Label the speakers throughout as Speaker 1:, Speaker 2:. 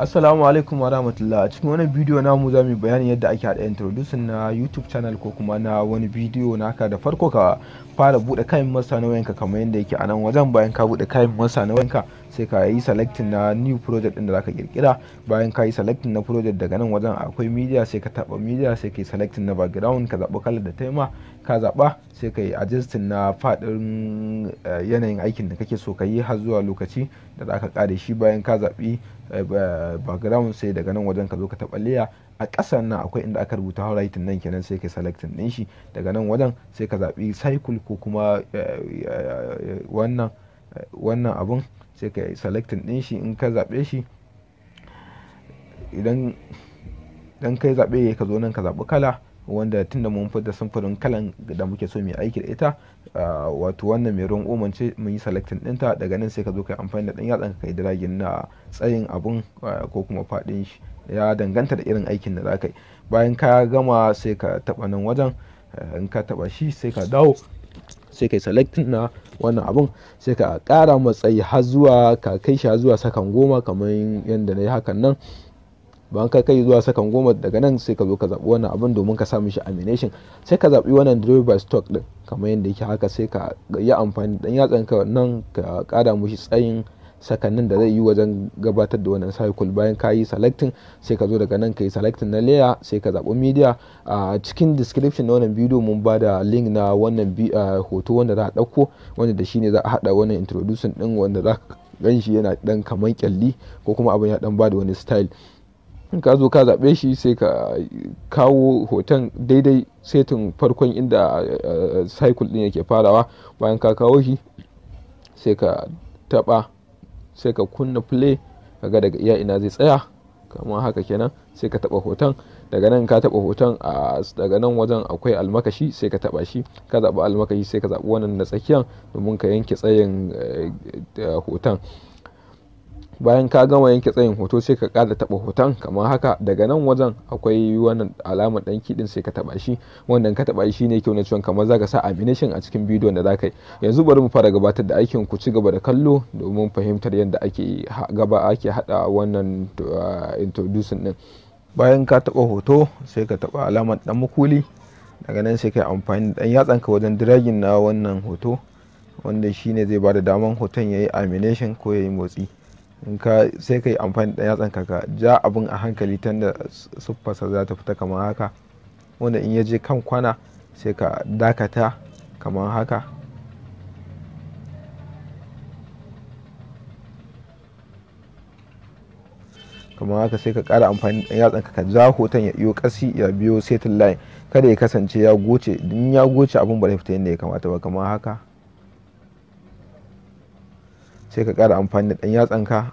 Speaker 1: Assalamu alaikum wa rahmatullah a cikin wani bidiyo na mu za mu bayani yadda ake haɗa introducing na YouTube channel ko kuma na wani bidiyo na ka da farko ka fara buɗe kayan masa na wayanka kamar yadda yake a nan wajen bayan ka buɗe kayan masa na wayanka sai ka yi selecting na new project ɗin da zaka kirkira bayan ka yi selecting na project daga nan wajen akwai media sai ka taɓa media sai ka yi selecting na background ka zaɓi kalar da taima ka zaɓa sai ka yi adjusting na faɗin eh, yanayin aikin da kake so ka yi har zuwa lokaci da za ka ƙare shi bayan ka zaɓi eh, background sai daga nan wajen ka zo ka taɓa layer a ƙasan nan akwai inda aka rubuta handwriting nan kenan sai ka selecting ɗin shi daga nan wajen sai ka zaɓi cycle ko kuma eh, wannan wannan abun sai ka selecting ɗin shi in ka zaɓe shi idan dan kai zaɓe ka zo nan ka zaɓi kala wanda tun da mun fita samfurin kalan da muke so mu aiki da ita wato wannan mai ruwan oman ce mun yi selecting dinta daga nan sai ka zo kai amfani da ɗan yatsan ka kai dragin na tsayin abun ko kuma fadin shi ya danganta da irin aikin da za bayan ka gama sai ka taɓa nan wajen in ka taba shi sai ka dawo sai kai selecting na wannan abun sai ka kara matsayi har zuwa ka kai shi zuwa sakan goma kamar yadda na yi hakan nan bayan ka kai zuwa sakan goma daga nan sai ka zo ka zaɓi wannan abin domin ka sa shi amination sai ka zaɓi wannan driver stock din kamar yadda yake haka sai ka yi amfani dan yatsan ka nan ka ƙara mushi tsayin sakannin da zai yi wajen gabatar da wannan cycle bayan ka yi selecting sai ka zo daga nan ka yi selecting na layer sai ka zaɓi media a cikin description na wannan bidiyo mun ba da link na wannan hoto wanda za a ɗauko wanda da shine za a haɗa wannan introducing ɗin wanda za ka gan yana dan kaman kyalli ko kuma abin ya ɗan ba da wani style in ka zo ka zaɓe shi sai ka kawo hoton daidai setin farkon inda eh, cycle din yake farawa bayan ka kawo shi sai ka taɓa sai ka kunna play kaga daga iya ina zai tsaya kamar haka kenan sai ka taɓa hoton daga nan ka taɓa hoton a daga nan wajen akwai almakashi sai ka taɓa shi ka zaɓi almakashi sai ka zaɓi wannan na tsakiyan domin ka yanke tsayin eh, eh, hoton bayan ka gama yanke tsayin hoto sai ka kada taba hoton kamar haka daga nan wajen akwai wannan alamar ɗan kiɗin sai ka taba shi wannan ka taba shi ne kyau na cewa kamar zaka sa amination a cikin bidiyon da zaka yi yanzu bari mu fara gabatar da aikin ku ci gaba da kallo domin fahimtar yadda ake gaba ake hada wannan eh, introducing ɗin bayan ka taba hoto sai ka taɓa alamar ɗan makuli daga nan sai ka yi amfani da ɗan yatsanka wajen dragging na wannan hoto wanda shine zai ba da daman hoton ya yi amination ko ya yi motsi sai ka yi amfani da yatsan kaka ja abin a hankali da siffarsa za ta fita kamar haka wanda in ya je kan kwana sai ka dakata kamar haka kamar haka sai ka kara amfani da yatsan kaka ja hoton ya iyo kasi ya biyo setin line kada ya kasance ya goce in ya goce abin ba fita yadda ya kamata ba kamar haka sai ka ƙara amfani da ɗan yatsanka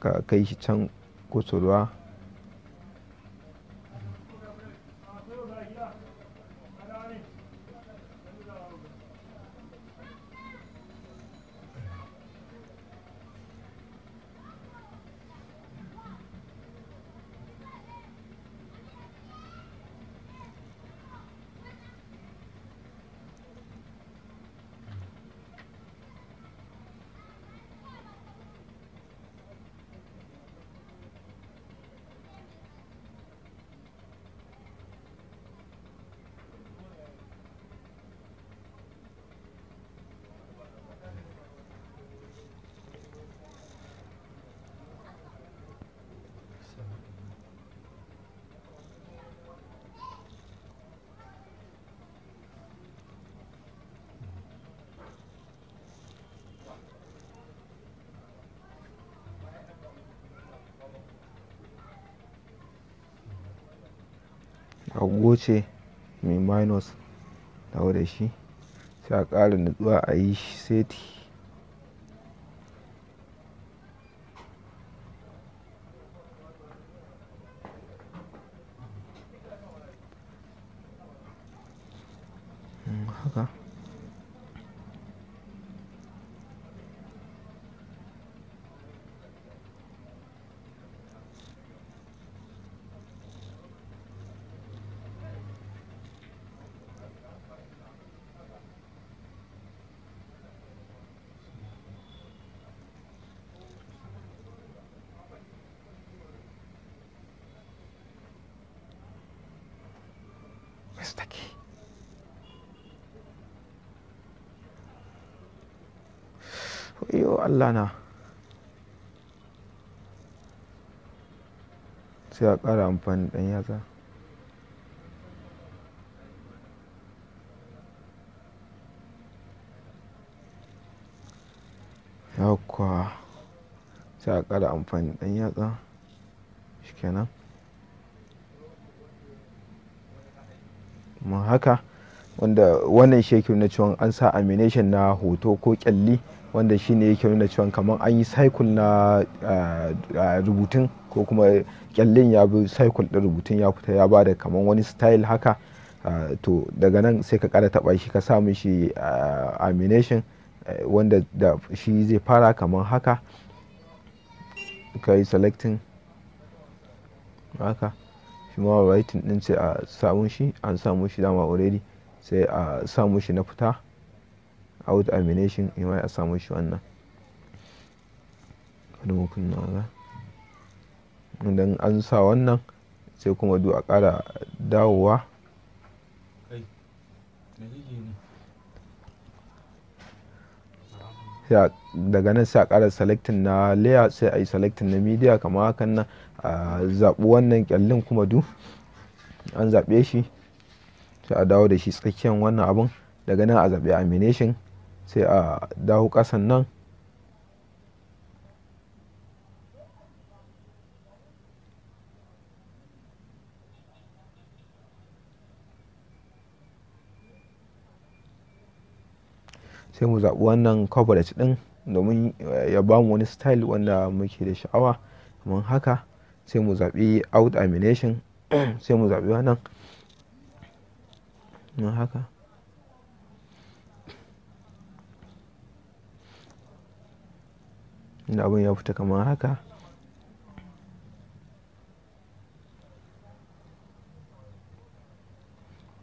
Speaker 1: ka kai shi can kusurwa rago ce mai minus dawo da shi sai a ƙara nutsuwa a yi seti Legas take yo Allah na sai a ƙara amfani ɗan yatsa yawwa sai a kada amfani ɗan yatsa shikenan mun haka wanda wannan shi yake nuna cewa an sa amination na hoto ko kyalli wanda shi ne yake nuna cewa kamar an yi cycle na rubutun ko kuma kyallin ya bi cycle ɗin rubutun ya fita ya bada kamar wani style haka to daga nan sai ka kara taba shi ka samu shi amination wanda da shi zai fara kamar haka ka yi selecting haka kuma writing din sai a samu shi an samu shi dama already sai a samu shi na fita out amination in a samu shi wannan wani mutum na wala idan an sa wannan sai kuma du a kara dawowa daga nan sai a kara selecting na layer sai a yi selecting na media kamar hakan nan a zaɓi wannan ƙyallin kuma du an zaɓe shi sai a dawo da shi tsakiyar wannan abin daga nan a zaɓi amination sai a dawo ƙasan nan sai mu zaɓi wannan coverage ɗin domin eh, ya ba mu wani style wanda muke da sha'awa kamar haka sai mu zaɓi out amination sai mu zaɓi wannan na haka da abin ya fita kamar haka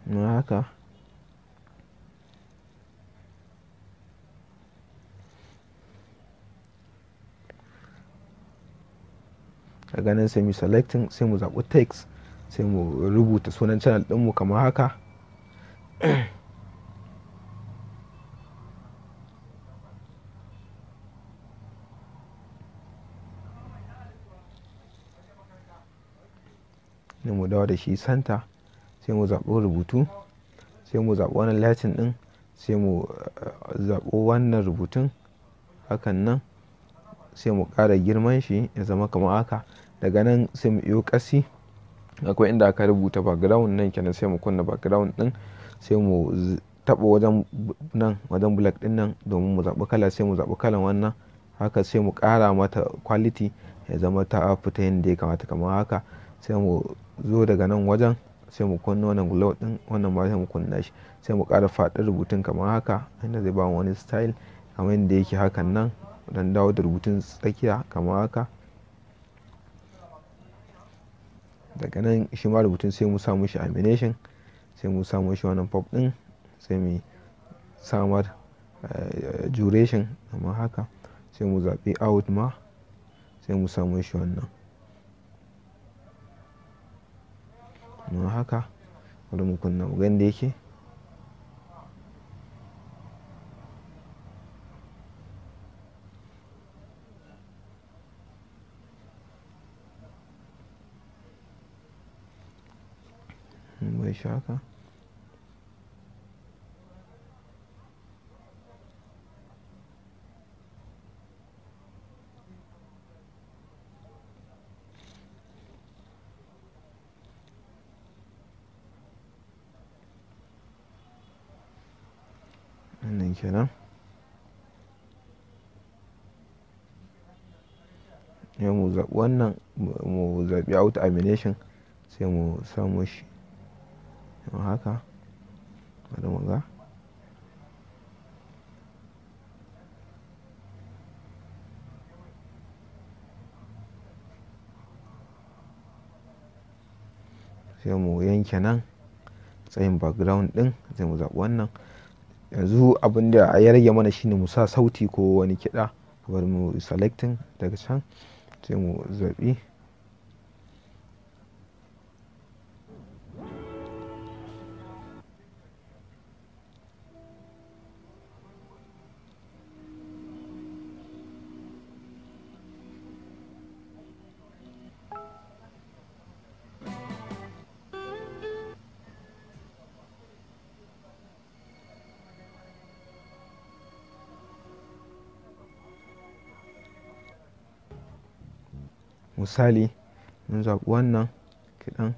Speaker 1: na haka daga ganin sai mu selecting sai mu zaɓi text sai mu rubuta sunan channel ɗinmu kamar haka ne mu dawo da shi santa sai mu zaɓi rubutu sai mu zaɓi wannan latin ɗin sai mu eh, zaɓi wannan rubutun hakan nan sai mu ƙara girman shi ya zama kamar haka daga nan sai mu iyo kasi akwai inda aka rubuta background nan kenan sai mu kunna background din sai mu taba wajen nan wajen black din nan domin mu zaɓi kala sai mu zaɓi kalan wannan haka sai mu ƙara mata quality ya zama ta fita yadda ya kamata kamar haka sai mu zo daga nan wajen sai mu kunna wannan glow din wannan ma sai mu kunna shi sai mu ƙara faɗin rubutun kamar haka inda zai ba wani style kamar yadda yake hakan nan dan dawo da rubutun tsakiya kamar haka daga nan shi ma rubutun sai mu samu shi amination sai mu samu shi wannan pop din sai mu samar eh, duration amma haka sai mu zaɓi out ma sai mu samu shi wannan amma haka wani mukunna kunna mu ganda yake tambaye shi Wannan mu zaɓi wannan mu zaɓi auto amination sai mu samu shi. kamar haka bari mu ga sai mu yanke nan tsayin background din sai mu zaɓi wannan yanzu abinda da ya rage mana shine mu sa sauti ko wani kiɗa bari mu selecting daga can sai mu zaɓi misali mun zaɓi wannan kiɗan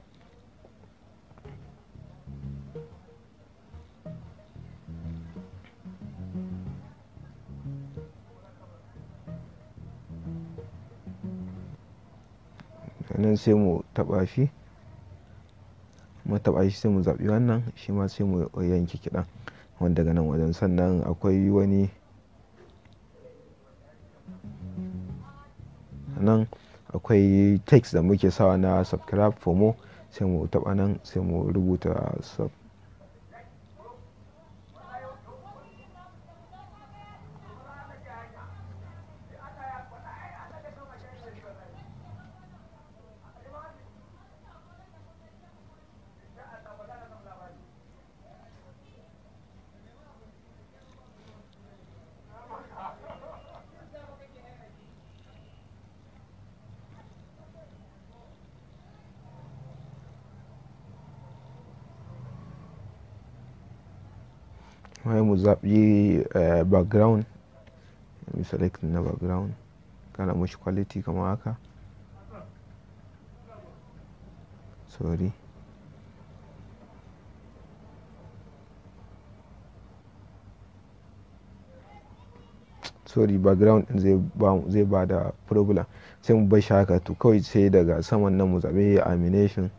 Speaker 1: nan sai mu taɓa shi mu taɓa shi sai mu zaɓi wannan shi ma sai mu yanki kiɗan wanda daga nan wajen sannan akwai wani akwai text da muke sawa na subscribe for more sai mu taɓa nan sai mu rubuta sub. mai mu zaɓi eh, background mu select na background kana mashi quality kama haka sorry sorry background din zai ba da problem sai mu bar shaka to kawai sai daga saman nan mu zaɓi amination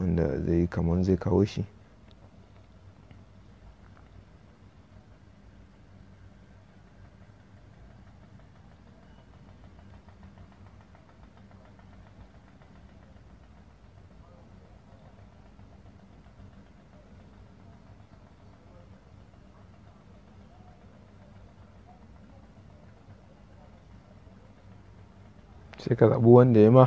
Speaker 1: wanda zai kamar zai kawo shi sai ka zaɓi wanda ya ma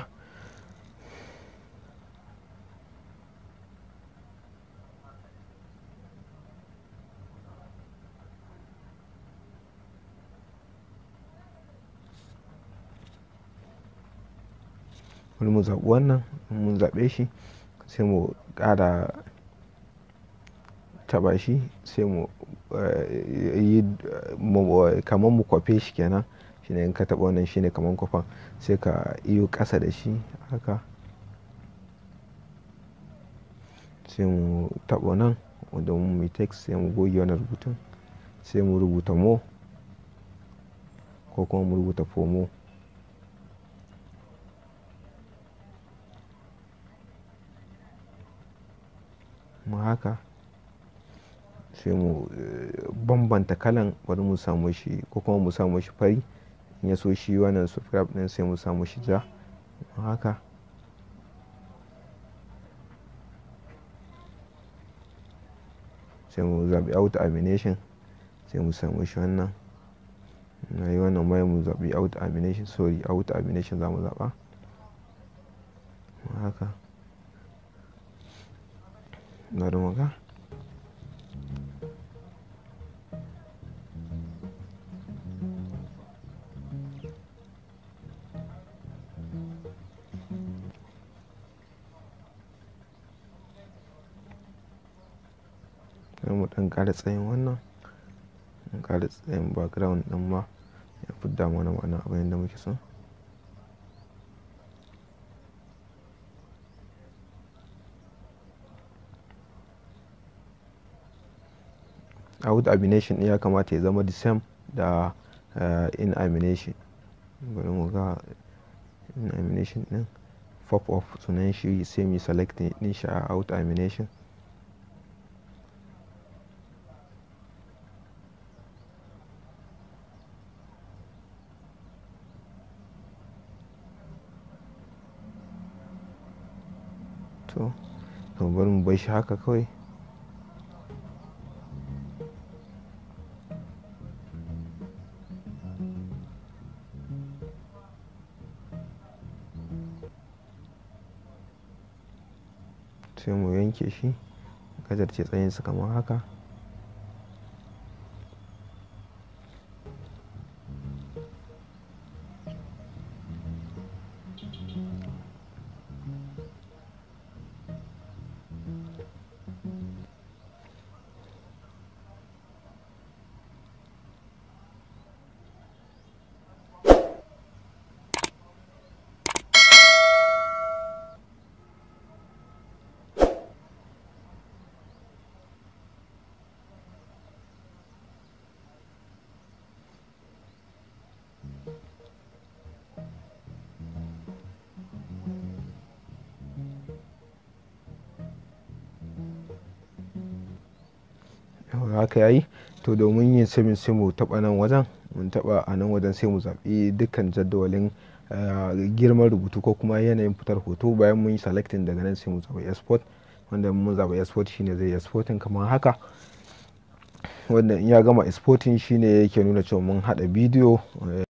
Speaker 1: wani mu zaɓi wannan mun zaɓe shi sai mu ƙara taɓa shi sai mu eh, yi eh, kamar mu kwafe shi kenan shine in ka taɓa wannan shine kaman kwafan sai ka iyo ƙasa da shi haka sai mu taɓa nan wanda mu text sai mu goge wannan rubutun sai mu rubuta mo ko kuma mu rubuta fomo mu haka sai mu eh, bambanta kalan wani mu samu shi ko kuma mu samu shi fari ya so shi wannan subscribe din sai mu samu shi ja haka sai mu zabi out amination sai mu samu shi wannan na yi wannan mai mu zabi out amination sorry out amination za mu zaɓa haka na da maka ƙara tsayin wannan, in ƙara tsayin background ɗin ma ya damu wani ma'ana abin da muke so. Out amination ɗin ya kamata ya zama the same da eh, in amination. Bari mu ga in amination ɗin pop of sunan shi sai muyi selecting ɗin shi a out amination. to to bar mu bar shi haka kawai sai mu yanke shi tsayin tsayinsa kamar haka haka yayi to domin yin saving sai mu taba nan wajen mun taba a nan wajen sai mu zaɓi dukkan jadawalin eh, girman rubutu ko kuma yanayin fitar hoto bayan mun yi selecting daga nan sai mu zaɓi export wanda mun zaɓi export shine zai exporting kamar haka wanda in ya gama exporting shine yake nuna cewa mun haɗa bidiyo eh,